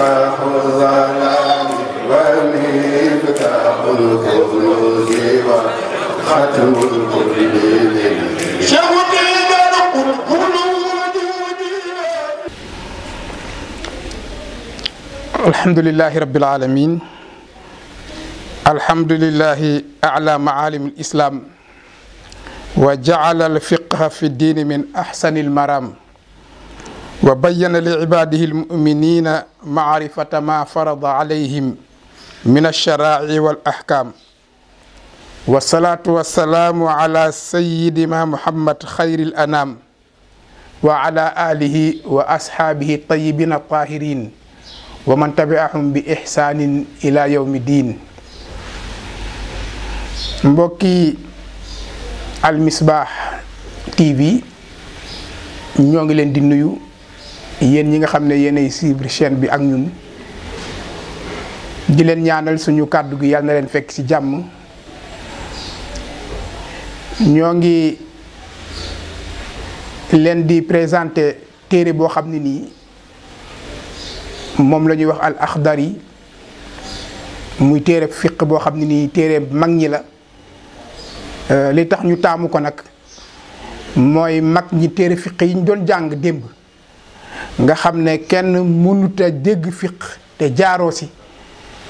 الظلام الحمد لله رب العالمين الحمد لله أعلى معالم الإسلام وجعل الفقه في الدين من أحسن المرام وبين لعباده المؤمنين معرفة ما فرض عليهم من الشرائع والأحكام والصلاة والسلام على سيدنا محمد خير الأنام وعلى آله وأصحابه الطيبين الطاهرين ومن تبعهم بإحسان إلى يوم الدين مبكي المصباح تي في نيوغي لين دي di yéen ñi nga xam ne yéenay suivre chaîne bi ak ñun di leen ñaanal suñu kàddu gi yàlla na leen fekk ci jàmm ñoo ngi leen di présenter téere boo xam ne nii moom la ñuy wax al axdari muy téere fiq boo xam ne nii téere mag ñi la euh, li tax ñu taamu ko nag mooy mag ñi téere fiq yi ñu doon jàng démb nga xam ne kenn mënut a dégg fiq te jaaroo si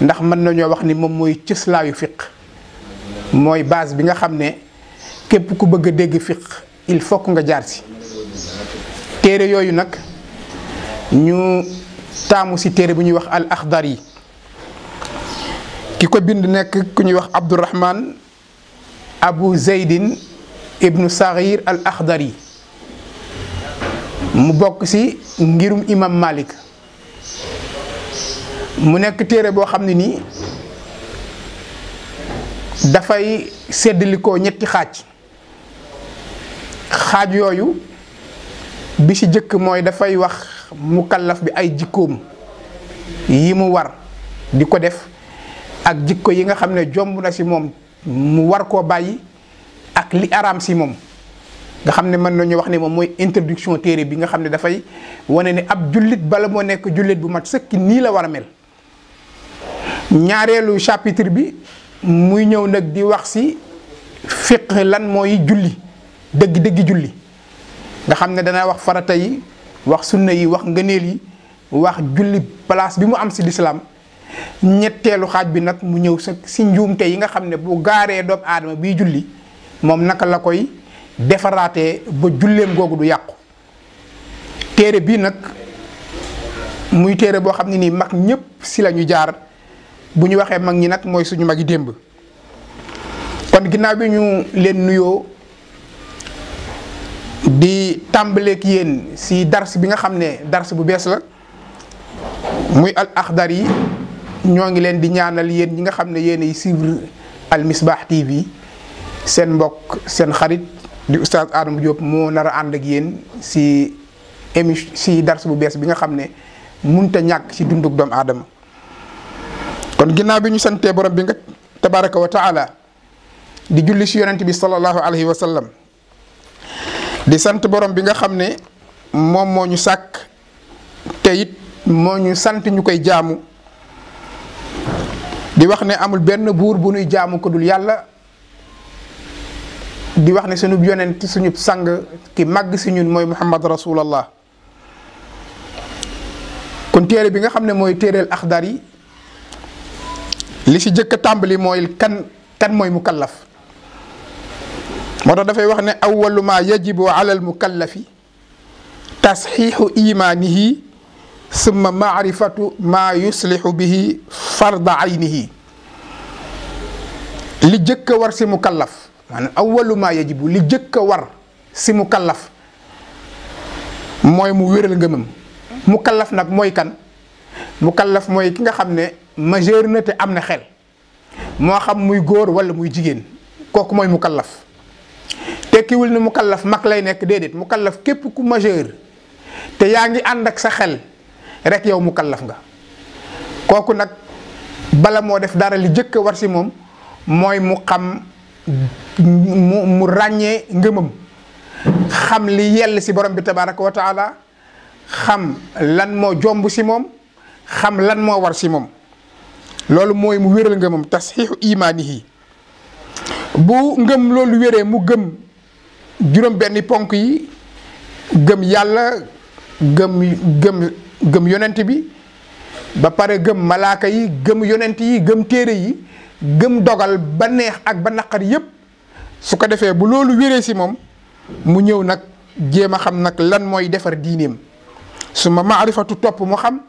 ndax mën nañoo wax ni moom mooy cëslaayu fiq mooy base bi nga xam ne képp ku bëgg a dégg fiq il faut que nga jaar si téere yooyu nag ñu taamu si téere bu ñuy wax al axdar yi ki ko bind nekk ku ñuy wax abdourahman abu zeydin ibnu saghir al axdar yi mu bokk ci ngirum imam Malik mu nekk téere boo xam ne nii dafay seddalikoo ñetti xaaj xaaj yooyu bi ci jëkk mooy dafay wax mu kallaf bi ay jikkoom yi mu war di ko def ak jikko yi nga xam ne jomb na ci moom mu war koo bàyyi ak li araam ci moom nga xam ne mën nañu wax nii moom mooy introduction téere bi nga xam ne dafay wane ni ab jullit bala moo nekk jullit bu mat sëkk nii la war a mel ñaareelu chapitre bi muy ñëw nag di wax si fiq lan mooy julli dëgg dëgg julli nga xam ne danaa wax farata yi wax sunna yi wax ngëneel yi wax julli place bi mu am si lislaam ñetteelu xaaj bi nag mu ñëw sa si njuumte yi nga xam ne bu gaaree doomu aadama bii julli moom naka la koy defaraatee ba jullem gogou du yakku téré bi nak muy téré bo xamni ni mak ñepp si lañu jaar bu ñu waxee mak ñi nak moy suñu mag yi kon ginaaw bi ñu leen nuyo di tàmbaleeg yeen si dars bi nga xamné dars bu la muy al akhdari ñoo ngi leen di ñaanal yeen ñi nga xamné yeen yi suivre al misbah tv senbok mbok sen xarit di oustaz adam diop mo nara and ak yeen ci émission ci dars bu bes bi nga xamné munta ñak ci dunduk doom adam kon ginaaw bi ñu santé borom bi nga tabaaraku wa ta'ala di julli ci yonent bi sallallahu alayhi wa di sante borom bi nga xamné mom mo ñu sak te yit mo ñu sant jaamu di wax né amul benn buur bu ñuy jaamu ko dul yalla di wax ne suñu yonent suñu sang ki mag si ñun moy muhammad rasulallah kon téré bi nga xamne moy téréel téereel yi li ci jëk tàmbali moy kan kan moy mukallaf motax da fay wax ne awwalu ma yajibu ala al mukallaf tasxiixu imaanihi summa maarifatu maa yuslixu bihi farda aynihi li jëkk a war si mukallaf maanaam awwalu maa bu li jëkk a war si mu kallaf mooy mu wéral ngëmam mu kallaf nag mooy kan mu kallaf mooy ki nga xam ne majeur na te am na xel moo xam muy góor wala muy jigéen kooku mooy mu kallaf tekkiwul ne mu kallaf mag lay nekk déedéet mu kallaf képp ku majeur te yaa ngi ànd ak sa xel rek yow mu kallaf nga kooku nag bala moo def dara li jëkk a war si moom mooy mu xam mu mu ràññee ngëmam xam li yell si borom bi tabaraka wa xam lan moo jomb si moom xam lan moo war si moom loolu mooy mu wéral ngëmam tasxiixu imaanihi bu ngëm loolu wéree mu gëm juróom benni ponk yi gëm yàlla gëm gëm gëm yonent bi ba pare gëm malaaka yi gëm yonent yi gëm téere yi gëm dogal ba neex ak ba naqar yépp su ko defee bu loolu wéree si moom mu ñëw nag jéem a xam nag lan mooy defar diineem su ma maarifatu topp mu xam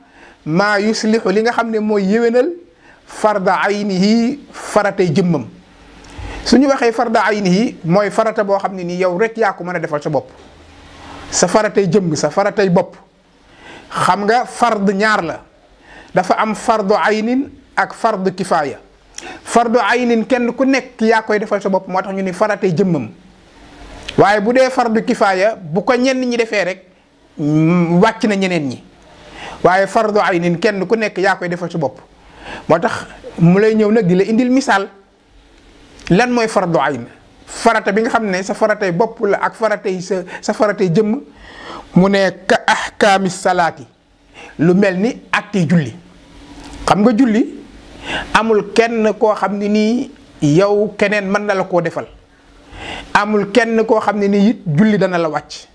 maa yuslixu li nga xam ne mooy yéwénal farda aynihi faratay jëmmam su ñu waxee farda aynihi mooy farata boo xam ne nii yow rek yaa ko mën a defal sa bopp sa faratay jëmm sa faratay bopp xam nga fard ñaar la dafa am fardu aynin ak fard kifaaya ay aynin kenn ku nekk yaa koy defal sa bopp moo tax ñu ni farate jëmmam waaye bu dee fardu kifaaya bu ko ñenn ñi defee rek mm, wàcc na ñeneen ñi waaye fardu aynin kenn ku nekk yaa koy defal sa bopp moo tax mu lay ñëw nag di la indil misaal lan mooy fardu ayn farata bi nga xam ne sa faratay bopp la ak faratay sa sa faratay jëmm mu ne ka ahkaami salaati lu mel ni atti julli xam nga julli amul kenn koo xam ne nii yow keneen mën na la koo defal amul kenn koo xam ne nii it julli dana la wàcc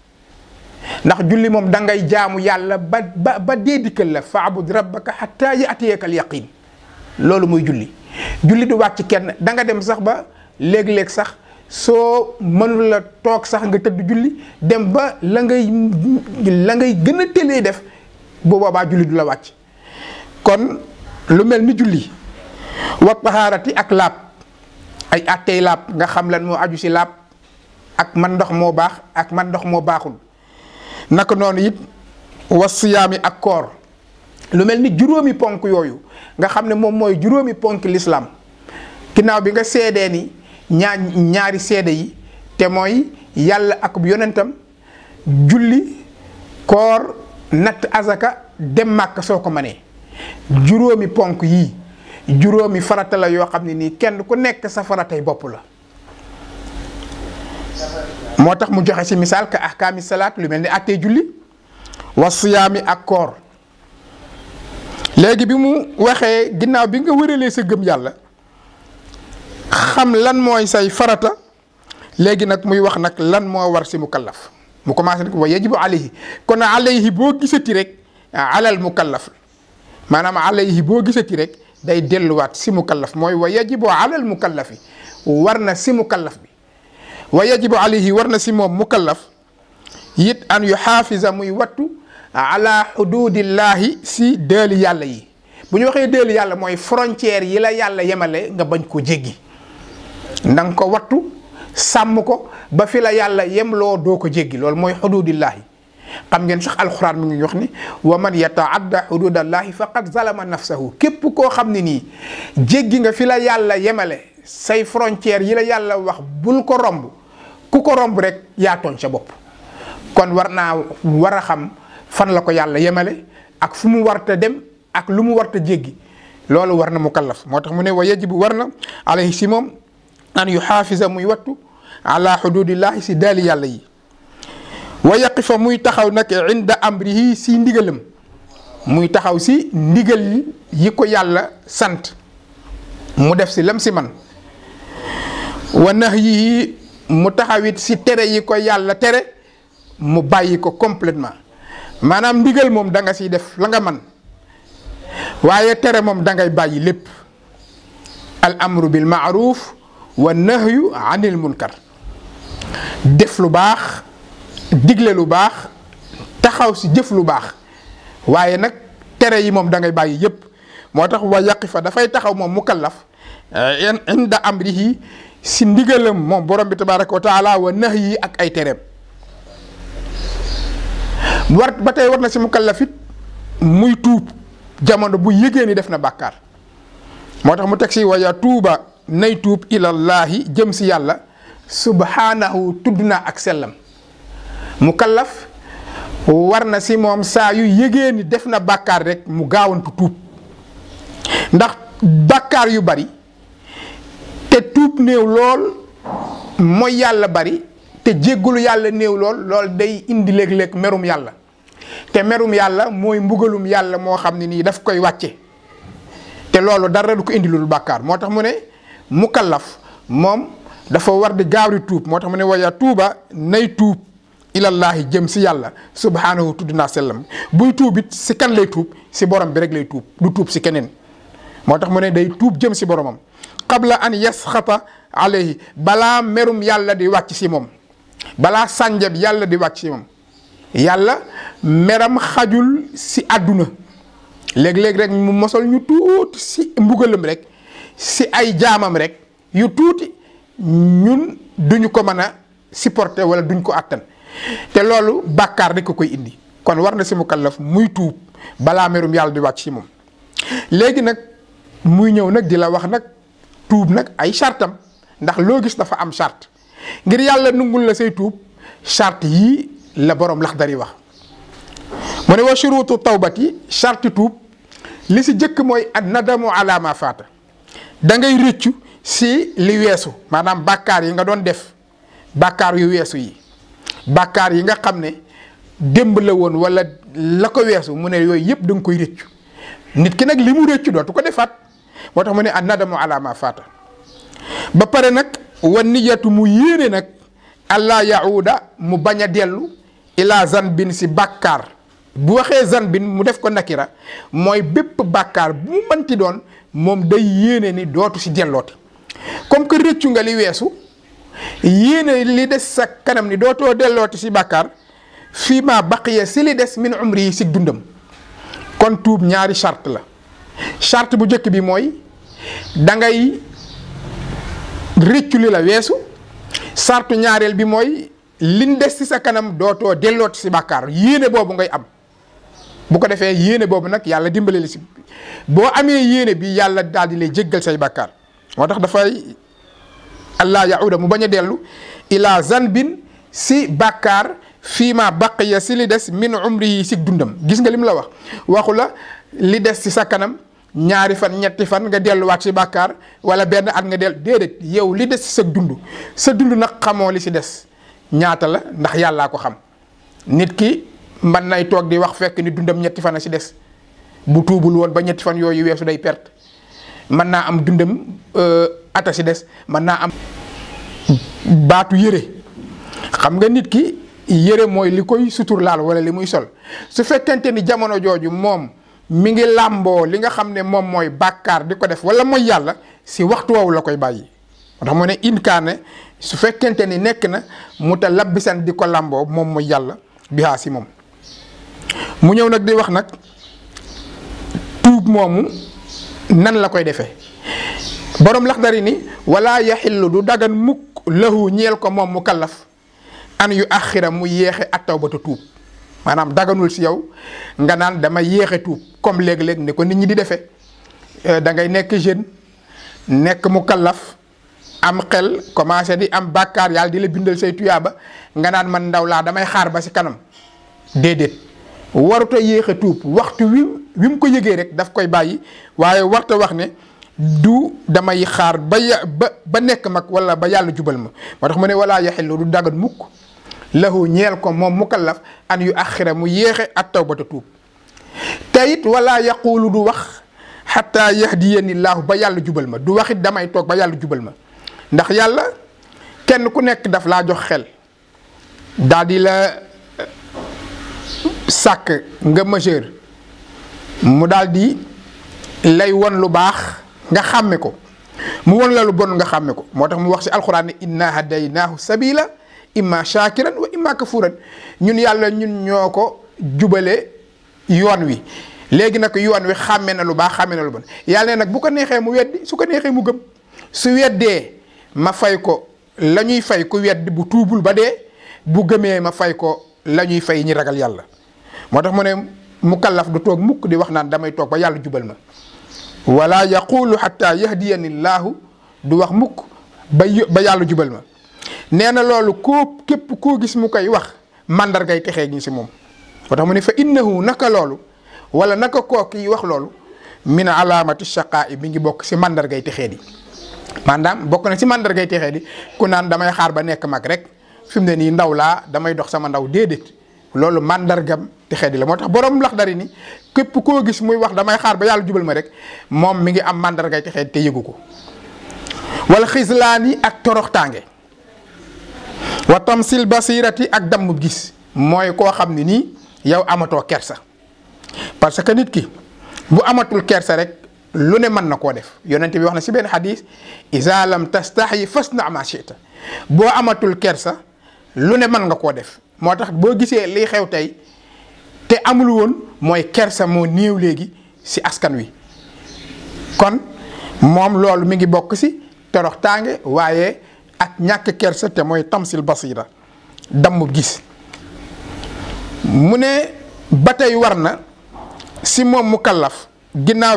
ndax julli moom dangay jaamu yàlla ba ba ba dee dikkal la faabud rabbaka xatta yaatiyakal yaqin loolu muy julli julli du wàcc kenn danga dem sax ba léeg-léeg sax soo mënula toog sax nga tëdd julli dem ba la ngay la ngay gën a def bu boobaa julli du la wàcc kon lu mel ni julli wa tahaarati ak làpp ay attey laab nga xam lan moo aju si làpp ak man ndox moo ak man ndox moo baaxul naka noonu it wa siyaami ak koor lu mel ni juróomi ponk yooyu nga xam ne moom mooy juróomi ponk lislaam ginnaaw bi nga seedee ni ñaar ñaari seede yi te mooy yàlla ak yonentam julli koor natt azaka dem màkk soo ko manee juróomi ponk yii juróomi farata la yoo xam ne nii kenn ku nekk sa faratay bopp la moo tax mu joxe ci misaal ka ahkaami salaat lu mel ni àttee julli wa siyaami ak koor léegi bi mu waxee ginnaaw bi nga wëralee sa gëm yàlla xam lan mooy say farata léegi nag muy wax nag lan moo war si mukallaf mu commencé nag wa yajibu alayhi kon alayhi boo gisati rek alal kallaf maanaam alayhi boo gisati rek day delluwaat si mukallaf mooy wa yajibu alal mukallafi war na si mukallaf bi wa yajibu alayhi war na si moom mukallaf it an yu xaafisa muy wattu ala xududillahi si dëli yàlla yi bu ñu waxee dëli yàlla mooy frontière yi la yàlla yemale nga bañ ko jéggi na ko wattu sàmm ko ba fi la yàlla yem loo doo ko jéggi loolu mooy xududillahi xam ngeen sax alxuraan mi ngi yox ni wa man yataadda xududallahi faqad zalama nafsahu képp koo xam ne nii jéggi nga fi la yàlla yemale say frontières yi la yàlla wax bul ko romb ku ko romb rek yaa tooñ sa bopp kon war naa war a xam fan la ko yàlla yemale ak fu mu warta dem ak lu mu warta jéggi loolu war na mu kallaf moo tax mu ne wa yajibu war na alayhi si moom an yu xaafisa muy wattu ala xududillahi si daali yàlla yi ويقف موي تخاو نك عند امره سي نديغلم موي تخاو سي نديغل ييكو يالا سانت مو ديف سي لم سي مان ونهيه مو تخاويت سي تري ييكو يالا تري مو باييكو كومبليتمان مانام نديغل موم داغا سي ديف لاغا مان وايي تري موم داغاي بايي ليب الامر بالمعروف والنهي عن المنكر ديف لو باخ digle lu bax taxaw ci jëf lu bax waaye nak téré yi mom da ngay bayyi yépp motax wa yaqifa fay taxaw mom mukallaf eh, inda amrihi ci ndigalam mom borom bi tabarak wa taala wa nahyi ak ay téré war batay war na ci mukallafit muy tuub jamono bu yëgee ni def na bakkar motax mu tek ci waya nay tuub allah jëm ci yalla subhanahu tudna ak mu kallaf war na si moom saa yu yégee ni def na bàkkaar rek mu gaawantu tuub ndax bàkkaar yu bari te tuub néew lool mooy yàlla bari te jéggalu yàlla néew lool lool day indi léeg-léeg merum yàlla te merum yàlla mooy mbugalum yàlla moo xam ne nii daf koy wàcce te loolu dara du ko indi lu bàkkaar moo tax mu ne mu kallaf moom dafa war di gaawri tuub moo tax mu ne waya tuuba nay tuub ilallaahi jëm si yàlla subhaanahu tudd naa sellam buy tuubit si kan lay tuub si borom bi rek lay tuub du tuub si keneen moo tax mu ne day tuub jëm si boromam qabla an yasxata alayhi balaa merum yàlla di wàcc si moom balaa sànjab yàlla di wàcc si moom yàlla meram xajul si àdduna léegi léegi rek mu mosal ñu tuuti si mbugalam rek si ay jaamam rek yu tuuti ñun duñu ko mën a supporter wala duñ ko àttan te loolu bàkkaar rek ko koy indi kon war na si mukallaf muy tuub balaa merum yàlla di wàcc si moom léegi nag muy ñëw nag di la wax nag tuub nag ay chartam ndax loo gis dafa am charte ngir yàlla nungul la say tuub charte yii la borom Laxdari wax mu ne wa shuruutu tawbati charte tuub li si jëkk mooy an nadamu ala ma faata da ngay rëccu si li weesu maanaam bàkkaar yi nga doon def bàkkaar yu weesu yi bàkkaar yi nga xam ne démb la woon wala la ko weesu mu ne yooyu yëpp da nga koy rëccu nit ki nag li mu rëccu dootu ko defaat moo tax mu ne annadamu ala ma faata ba pare nag wan niyatu mu yéene nag allah yahuda mu bañ a dellu ila zanbin si bàkkaar bu waxee zanbin mu def ko nakira mooy bépp bàkkaar bu mu mënti doon moom day yéene ni dootu si dellooti comme que rëccu nga li weesu yéene li des sa kanam ni dootoo dellooti si bàkkaar fii ma baqiya si li des min umri yi si dundam kon tuub ñaari sart la charte bu njëkk bi mooy dangay ngay rëccu li la weesu charte ñaareel bi mooy liñ des si sa kanam dootoo dellooti si bàkkaar yéene boobu ngay am bu ko defee yéene boobu nag yàlla dimbale si boo amee yéene bi yàlla daal di lay jéggal say bàkkaar moo tax dafay allah yauda mu bañ a dellu ila zanbin si bàkkaar fii ma baqiya si li des min umri yi si dundam gis nga lim la wax waxu la li des si sa kanam ñaari fan ñetti fan nga delluwaat si bàkkaar wala benn at nga dellu déedéet yow li des si sa dund sa dund nag xamoo li si des ñaata la ndax yàllaa ko xam nit ki mën nay toog di wax fekk ni dundam ñetti fan a si des bu tuubul woon ba ñetti fan yooyu weesu day perte mën naa am dundam. Euh, ata si des mën naa am baatu yére xam nga nit ki yére mooy li koy sutur suturlaal wala li muy sol su fekkente ni jamono jooju moom mi ngi làmboo li nga xam ne moom mooy bàkkaar di ko def wala mooy yàlla si waxtu woowu la koy bàyyi moo mu ne inkaane su fekkente ni nekk na mu ta di ko làmboo moom mooy yàlla bihaa si moom mu ñëw nag di wax nag tuub moomu nan la koy defee borom dari ni wala yaxillu du dagan muk lahu ñeel ko mom mukallaf an yu axira mu yeexe attawbatu tuub manam daganul ci yow nga nan dama yeexe tuub comme leg leg ne ko nit ñi di euh da ngay nek jeune nek mukallaf am xel commencé di am bàkkaar yal di la bindal say tuyaba nga nan man ndaw la damay xaar ba ci kanam dedet waruta yéexe tuub waxtu wi wi mu ko yëgee rek daf koy bayyi waye warta wax ne du damay xaar ba ya ba ba nekk mag wala ba yàlla jubal ma moo tax mu ne walaa yaxillu du dagat mukk lahu ñeel ko moom mukallaf an yu axira mu yéexe at tawbata tuub te it walaa yaquulu du wax xataa yahdiyani laahu ba yàlla jubal ma du wax it damay ba yàlla jubal ma ndax yàlla kenn ku nekk daf laa jox xel daal di la euh, sàkk nga majeur mu daal di lay won lu baax nga xamé ko mu won la lu bon nga xamé ko motax mu wax ci alcorane inna hadaynahu sabila imma shakiran wa imma kafuran ñun yàlla ñun ñoko jubale yoon wi léegi nak yoon wi xamé na lu ba xamé na lu bon yàlla nak bu ko nexé mu wedd su ko nexé mu gëm su weddé ma fay ko lañuy fay ku wedd bu tuubul ba dé bu gëmé ma fay ko lañuy fay ñi ragal yàlla motax mu ne mukallaf du tok mukk di wax naan damay tok ba yàlla jubal ma wala yaqulu xatta yahdiyani llaahu du wax mukk ba ba yàlla jubal ma nee na loolu ko képp koo gis mu koy wax màndargay texe gi si moom moo tax mu ne fa innahu naka loolu wala naka koo kiy wax loolu min alaamati shaqaa i bi ngi bokk si màndargay texee di maandaam bokk na si màndargay texee di ku naan damay xaar ba nekk mag rek fi mu ne nii ndaw laa damay dox sama ndaw déedéet loolu màndargam texee di la moo tax borom lax dari nii كيف كو غيس موي واخ داماي خار با يالا جوبل ما ريك موم ميغي ام ماندار غاي تي خيت تي ييغوكو وال خزلاني اك توروختانغي وتمثيل بصيرتي اك دم غيس موي كو خامني ني ياو اماتو كيرسا باسكو نيت كي بو اماتول كيرسا ريك لو ني مان نكو ديف يونتي بي واخنا سي بن حديث اذا لم تستحي فاصنع ما شئت بو اماتول كيرسا لو ني مان نكو ديف موتاخ بو غيسه لي خيو تاي te amul won moy kersa mo néew légui si askan wi kon mom lolou mi ngi bok ci torox tangé waaye ak ñak kersa te moy tamsil basira damu gis mune batay warna si mom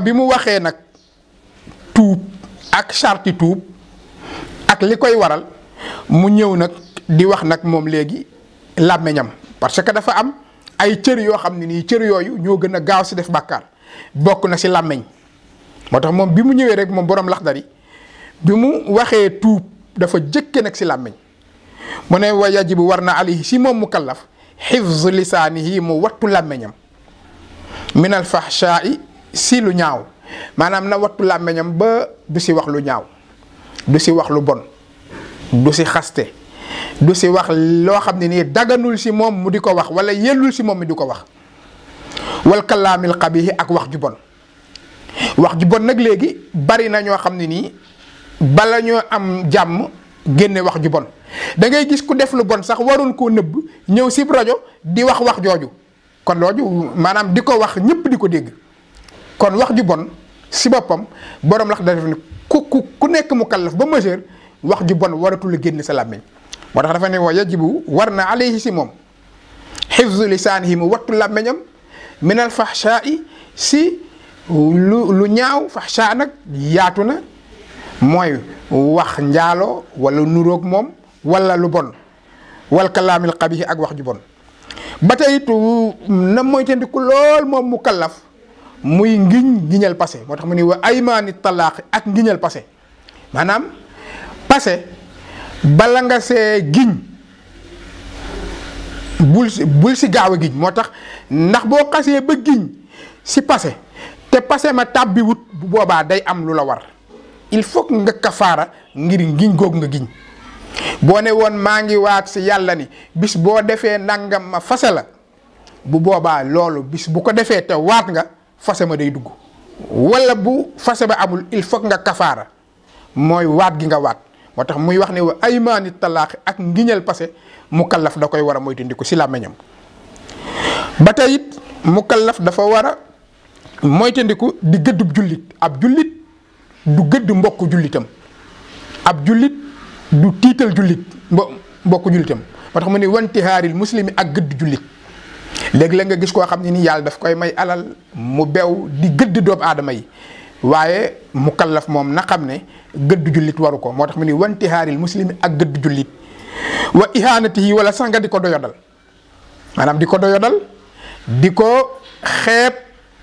bi mu waxé nak tuub ak charti tuub ak likoy waral mu ñew nak di wax nag moom léegi làmmeñam parce que dafa am ay cër yoo xam ne nii cër yooyu ñoo gën a gaaw si def bàkkaar bokk na si làmmiñ moo tax moom bi mu ñëwee rek moom borom laxdari bi mu waxee tuub dafa jëkke nag si làmmiñ mu ne wa yajibu war na alayhi si moom kallaf xifz lisaanihi mu wattu làmmeñam minal al fahshaai si lu ñaaw maanaam na wattu làmmeñam ba du si wax lu ñaaw du si wax lu bon du si xaste du si wax loo xam ne nii dagganul si moom mu di ko wax wala yellul si moom mi di ko wax wal kalaamil ak wax ju bon wax ju bon nag léegi bari na ñoo xam ne nii bala ñoo am jàmm génne wax ju bon dangay gis ku def lu bon sax waroon koo nëbb ñëw si rajo di wax wax jooju kon looju maanaam di ko wax ñëpp di ko dégg kon wax ju bon si boppam borom lax da def ku ku ku nekk mu kallaf ba majeur wax ju bon waratul génn sa làmmiñ moo tax dafa ne wa yajibu war na alayhi si moom xifzu lisaanihi mu wattu làmmeñam minal fahshaa'i si lu lu ñaaw fahshaa nag yaatu na mooy wax njaalo walla nuroog moom walla lu bon wal kalaamil qabiih ak wax ju bon ba tey it na moytandiku lool moom mu kallaf muy ngiñ ngiñal passé moo tax mu ne wa aymaani talaaq ak ngiñal passé maanaam passé bala nga see giñ bul bul si gaaw giñ motax ndax bo xasse ba giñ si passé té passé ma tabbi wut boba day am lu war il faut nga kafara ngir giñ gog nga giñ bo ne won ma ngi waat ci yalla ni bis bo défé nangam ma fassé la bu boba lolu bis bu ko défé te waat nga fassé ma day dugg wala bu fassé ba amul il faut nga kafara moy waat gi nga waat moo tax muy wax ne wa aymaani talaax ak ngiñal passé mu kallaf da koy war a moytandiku si làmmiñam ba tey it mu kallaf dafa war a moytandiku di gëddub jullit ab jullit du gëdd mbokk jullitam ab jullit du tiital jullit mbo mbokk jullitam moo tax mu ne wantihaaril muslimi ak gëdd jullit léegi la nga gis koo xam ne ni yàlla daf koy may alal mu bew di gëdd doomu aadama yi waaye mu kallaf moom na xam ne gëdd jullit waru ko moo tax mu ni wanti xaaril muslimi ak gëdd jullit wa ihanatihi wala sax nga di ko doyodal maanaam di ko doyadal di ko xeeb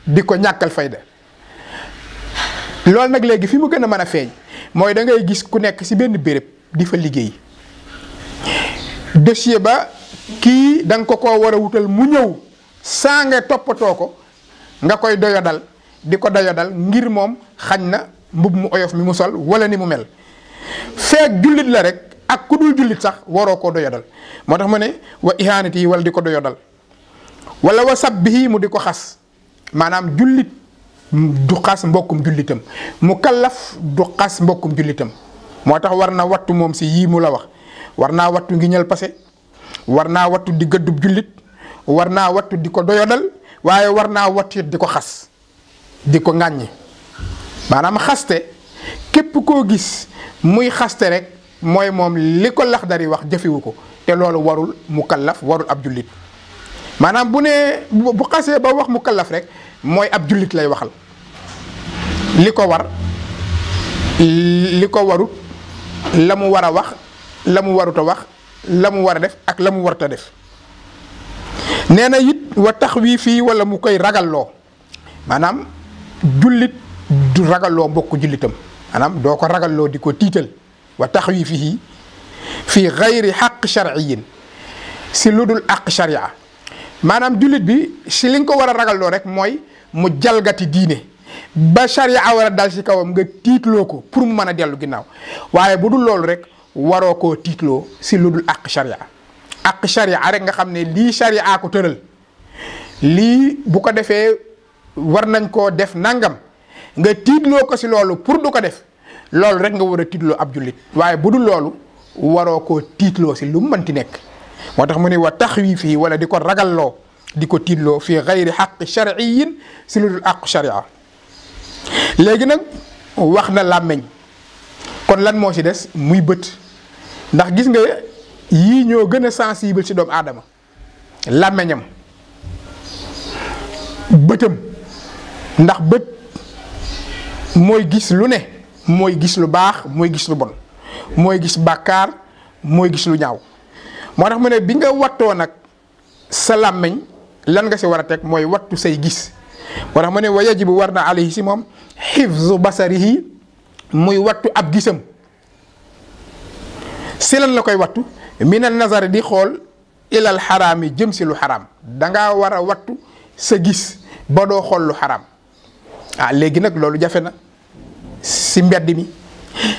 di ko ñàkkal fayda loolu nag léegi fi mu gën a mën a feeñ mooy dangay gis ku nekk ci benn béréb di fa liggéey dossier ba kii danga nga ko koo war a wutal mu ñëw saa nga toppatoo ko nga koy doyodal di ko doyodal ngir moom xañ na mbubb mu oyof mi mu sol wala ni mu mel feek jullit la rek ak ku dul jullit sax waroo koo doyadal moo tax mu ne wa ihanati yi wala di ko doyadal wala wa sabbihi mu di ko xas maanaam jullit du xas mbokkum jullitam mu kallaf du xas mbokkum jullitam moo tax war na wattu moom si yii mu la wax war naa wattu ngi ñal passé war naa wattu di gëddub jullit war naa wattu di ko doyodal waaye war naa wattu di ko xas di ko ŋàññi maanaam xaste képp koo gis muy xaste rek mooy moom li ko lax Laxdari wax jëfewu ko te loolu warul mu kallaf warul ab jullit maanaam bu nee bu xasee ba wax mu kallaf rek mooy ab jullit lay waxal li ko war li ko warut la mu war a wax la mu warut a wax la mu war a def ak la mu warut a def nee na it wa tax wii fii wala mu koy ragalloo maanaam jullit du ragaloo mbokk jullitam maanaam doo ko ragaloo di ko tiital wa taxwiifihi fii xayri xaq sharciyin si lu dul àq sharia maanaam jullit bi si li nga ko war a ragalloo rek mooy mu jalgati diine ba sharia war a dal si kawam nga tiitloo ko pour mu mën a dellu ginnaaw waaye bu dul loolu rek waroo koo tiitloo si lu dul àq sharia àq sharia rek nga xam ne lii sharia ko tëral lii bu ko defee war nañ koo def nangam. nga tiitloo ko si loolu pour du ko def loolu rek nga war a tiitloo ab jullit waaye bu dul loolu waroo ko tiitloo si lu mu mënti nekk moo tax mu ne wa wii fii wala di ko ragalloo di ko tiitloo fii xayri xaq shariyin si lu dul àqu sharia léegi nag wax na làmmeñ kon lan moo ci des muy bët ndax gis nga yii ñoo gën a sensible si doomu aadama làmmeñam bëtam ndax bët mooy gis lu ne mooy gis lu baax mooy gis lu bon mooy gis bàkkaar mooy gis lu ñaaw moo tax mu ne bi nga wattoo nag sa làmmiñ lan nga si war a teg mooy wattu say gis moo tax mu ne wa yajibu war na alayhi si moom xifzu basarihi muy wattu ab gisam si lan la koy wattu minal nasare di xool ilal xaraam yi jëm si lu xaraam danga war a wattu sa gis ba doo xool lu xaraam ah léegi nag loolu jafe na ci mbedd mi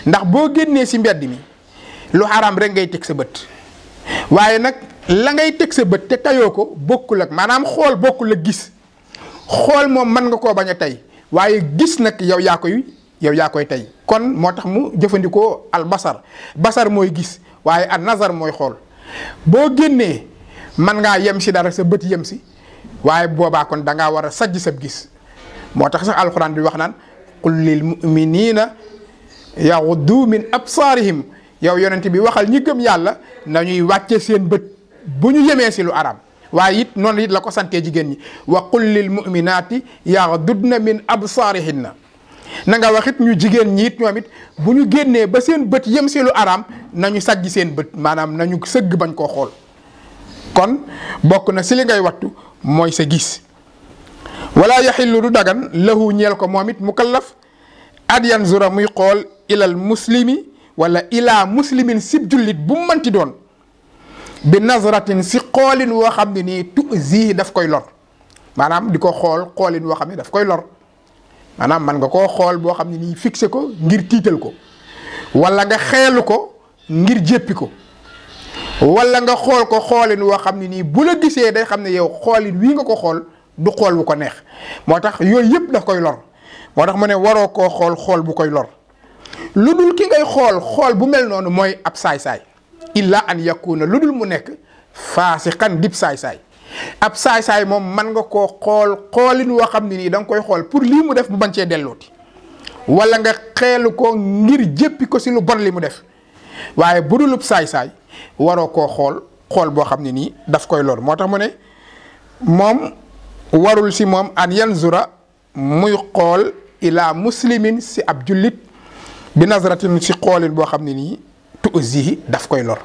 ndax bo génnee ci mbedd mi lu haram rek ngay tek sa bët waaye nak la ngay tek sa bët te tayoo ko ak manam xol bokul ak gis xol mom man nga ko baña tay gis nak yow ya koy yow ya koy tay kon motax mu jëfëndiko al basar basar moy gis waaye al nazar moy xol bo génnee man nga yem si dara sa bët yem si waye boba kon da nga wara sajj sa gis motax sax alxuraan di wax nan qul lil muminina yaghuddu min absarihim yow yonent bi waxal ñi gëm yàlla nañuy wàcce seen bët bu ñu yemee si lu araam waaye it noonu it la ko santee jigéen ñi wa qul lil muminati yaghdudna min absarihinna na nga wax it ñu jigéen ñi it ñoom it bu ñu génnee ba seen bët yem si lu araam nañu sajji seen bët maanaam nañu sëgg bañ koo xool kon bokk na si li ngay wattu mooy sa gis ولا يحل دو دغان له نيل كو موميت مكلف اديان زورا مي خول الى المسلم ولا الى مسلم سيب جوليت بو دون بنظره في قول وخمني تؤذي داف كوي لور مانام ديكو خول قول وخمني داف كوي لور مانام مان غاكو خول بو خمني ني فيكسي كو غير تيتل كو ولا غا خيلو كو غير جيبي كو ولا غا خول كو خول وخمني ني بولا غيسي داي خمني يو خول وي غاكو خول du xool bu ko neex moo tax yooyu yëpp daf koy lor moo tax mu ne waroo koo xool xool bu koy lor lu dul ki ngay xool xool bu mel noonu mooy ab saay-saay illa an yakuna lu dul mu nekk faasiqan dib saay-saay ab saay-saay moom man nga koo xool xoolin woo xam ne nii da nga koy xool pour lii mu def mu bañ cee dellooti wala nga xeelu ko ngir jéppi ko si bon li mu def waaye bu dulub saay-saay waroo koo xool xool boo xam ne nii daf koy lor moo tax mu ne moom warul si moom an yanzura muy xool ila muslimin si ab jullit bi nasratin si xoolin boo xam ne nii tuusihi daf koy lor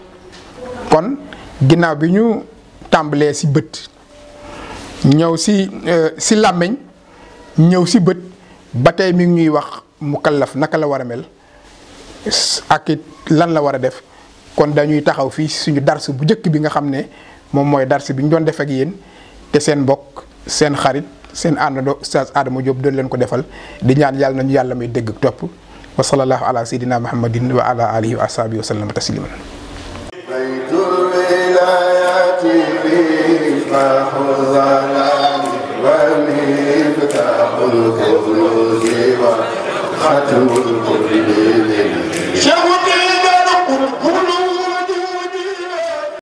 kon ginnaaw bi ñu tàmbalee si bët ñëw si si euh, làmmiñ ñëw si bët ba tey mi ngi ñuy wax mu kallaf naka la war a mel ak it lan la war a def kon dañuy taxaw fii suñu dars bu njëkk bi nga xam ne moom mooy dars bi ñu doon def ak yéen te seen bokk seen xarit seen àndandoo Oustaz Adama Diop doon leen ko defal di ñaan yàlla nañu yàlla may dégg ak topp wa sallallahu ala sayidina muhammadin wa ala alihi wa ashabi wa sallama tasliman ختم القرآن